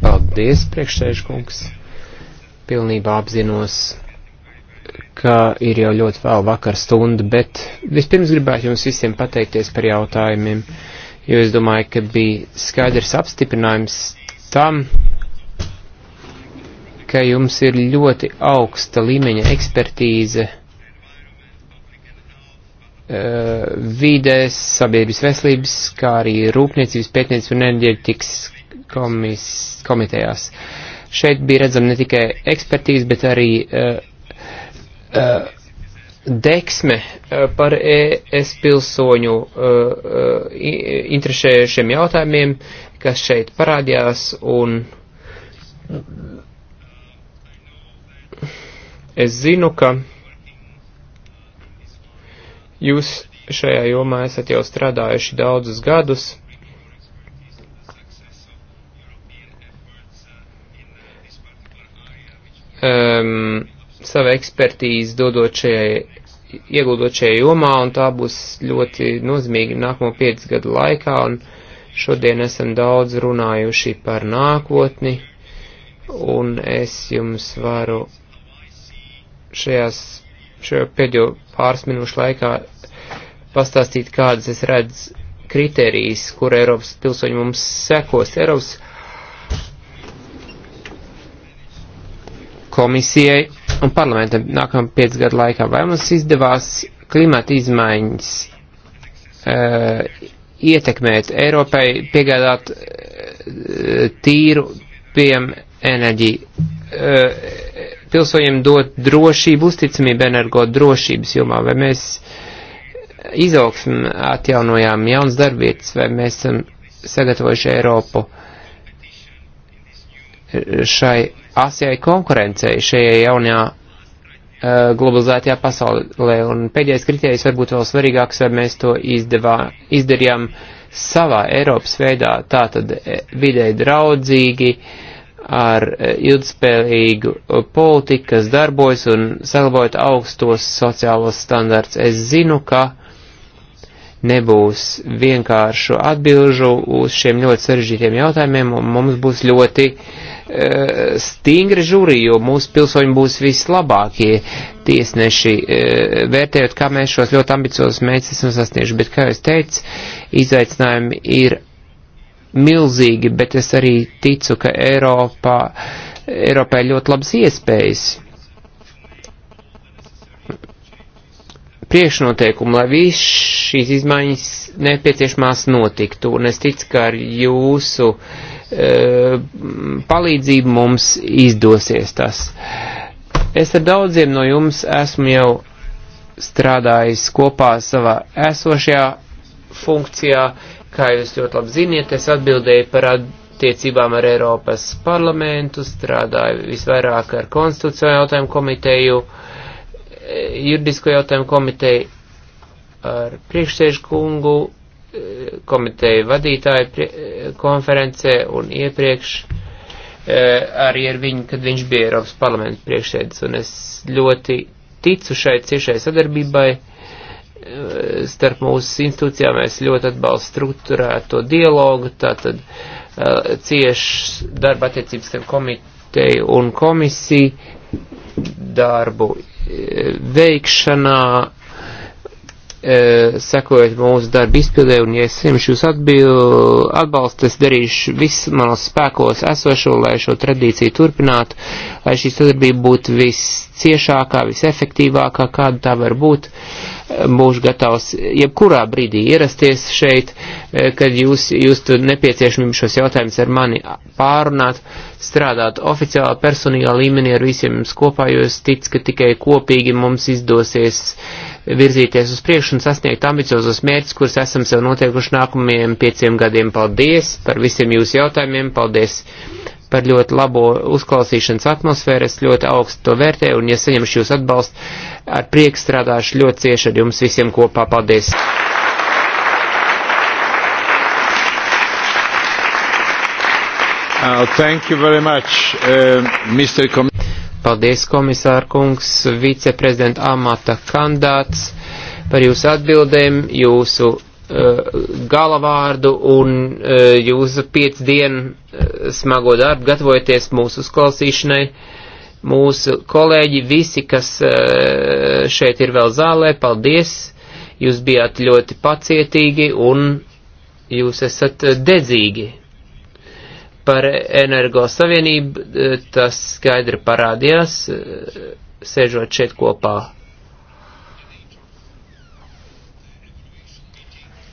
Paldies, priekšsēžkungs. Pilnībā apzinos, ka ir jau ļoti vēl vakar stunda, bet vispirms gribētu jums visiem pateikties par jautājumiem, jo es domāju, ka bija skaidrs apstiprinājums tam, ka jums ir ļoti augsta līmeņa ekspertīze eh, vides, sabiedrības veselības, kā arī rūpniecības, pētniecības un enerģētikas komis, komitejās. Šeit bija redzama ne tikai ekspertīze, bet arī uh, uh, deksme eh, par ES pilsoņu uh, interesējušiem jautājumiem, kas šeit parādījās, un es zinu, ka jūs šajā jomā esat jau strādājuši daudzus gadus. um, savu ekspertīzi dodot šajai, ieguldot šajā jomā, un tā būs ļoti nozīmīga nākamo piecas gadu laikā, un šodien esam daudz runājuši par nākotni, un es jums varu šajās, šajā pēdējo pāris minūšu laikā pastāstīt, kādas es redzu kritērijas, kur Eiropas pilsoņi mums sekos. Eiropas komisijai un parlamentam nākamā piec gadu laikā. Vai mums izdevās klimata izmaiņas uh, ietekmēt Eiropai, piegādāt uh, tīru piem enerģiju, uh, pilsoņiem dot drošību, uzticamību energo drošības jomā, vai mēs izaugsmi atjaunojām jauns darbvietas, vai mēs esam sagatavojuši Eiropu uh, šai asijai konkurencei šajā jaunajā uh, globalizētajā pasaulē. Un pēdējais kriterijs varbūt vēl svarīgāks, vai mēs to izdevā, izdarījām savā Eiropas veidā, tātad eh, videi draudzīgi, ar eh, ilgspējīgu politiku, kas darbojas un saglabājot augstos sociālos standarts. Es zinu, ka uh, nebūs vienkāršu atbilžu uz šiem ļoti sarežģītiem jautājumiem, un mums būs ļoti e, stingri žūri, jo mūsu pilsoņi būs vislabākie tiesneši, e, vērtējot, kā mēs šos ļoti ambiciozus mērķus esam sasnieguši. Bet, kā jau es teicu, izaicinājumi ir milzīgi, bet es arī ticu, ka Eiropā, Eiropā ir ļoti labas iespējas priekšnoteikumu, lai viss šīs izmaiņas nepieciešamās notiktu. Un es ticu, ka ar jūsu e, palīdzību mums izdosies tas. Es ar daudziem no jums esmu jau strādājis kopā savā esošajā funkcijā, kā jūs ļoti labi ziniet, es atbildēju par attiecībām ar Eiropas parlamentu, strādāju visvairāk ar konstitucionālu jautājumu komiteju, uh, juridisko jautājumu komiteju ar priekšsēžu kungu, e, komiteju vadītāju e, konferencē un iepriekš e, arī ar viņu, kad viņš bija Eiropas parlamenta priekšsēdis. Un es ļoti ticu šai ciešai sadarbībai starp mūsu institūcijām. Mēs ļoti atbalstu struktūrēto dialogu, tātad cieši darba attiecības starp komiteju un komisiju darbu veikšanā, e, sekojot mūsu darbu izpildē, un ja es saņemšu jūs atbalstu, es darīšu visu manos spēkos esošo, lai šo tradīciju turpinātu, lai šī sadarbība būtu visciešākā, visefektīvākā, kāda tā var būt. Uh, būšu gatavs jebkurā brīdī ierasties šeit, e, kad jūs, jūs tur nepieciešamību šos jautājumus ar mani pārunāt, strādāt oficiālā personīgā līmenī ar visiem jums kopā, jo es ticu, ka tikai kopīgi mums izdosies virzīties uz priekšu un sasniegt ambiciozos mērķus, kurus esam sev noteikuši nākamajiem pieciem gadiem. Paldies par visiem jūsu jautājumiem, paldies! par ļoti labo uzklausīšanas atmosfēru. Es ļoti augstu to vērtēju un, ja saņemšu jūs atbalstu, ar prieku strādāšu ļoti cieši ar jums visiem kopā. Paldies! Uh, thank you very much, uh, Mr. Com Paldies, komisārkungs, viceprezidenta amata kandāts par jūsu atbildēm, jūsu Eh, galavārdu un eh, jūsu piec dienu eh, smago darbu gatavojoties mūsu uzklausīšanai. Mūsu kolēģi, visi, kas šeit ir vēl zālē, paldies! Jūs bijāt ļoti pacietīgi un jūs esat dedzīgi. Par energo savienību tas skaidri parādījās, sēžot šeit kopā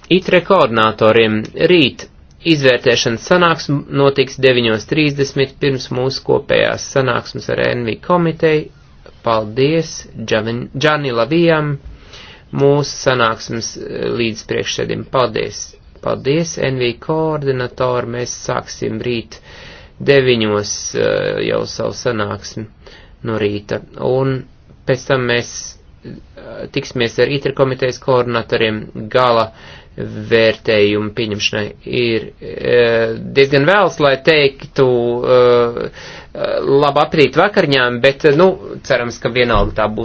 ITRE koordinatoriem rīt izvērtēšanas sanāksme notiks 9.30 pirms mūsu kopējās sanāksmes ar NV komiteju. Paldies Džani Lavijam, mūsu sanāksmes eh, līdz priekšsēdim. Paldies! Paldies, NV koordinatori, mēs sāksim rīt deviņos eh, jau savu sanāksmi no rīta. Un pēc tam mēs tiksimies ar ITR komitejas koordinatoriem gala vērtējumu pieņemšanai. Ir e, diezgan vēls, lai teiktu e, e labu aprīt vakarņām, bet, e, nu, cerams, ka vienalga tā būs.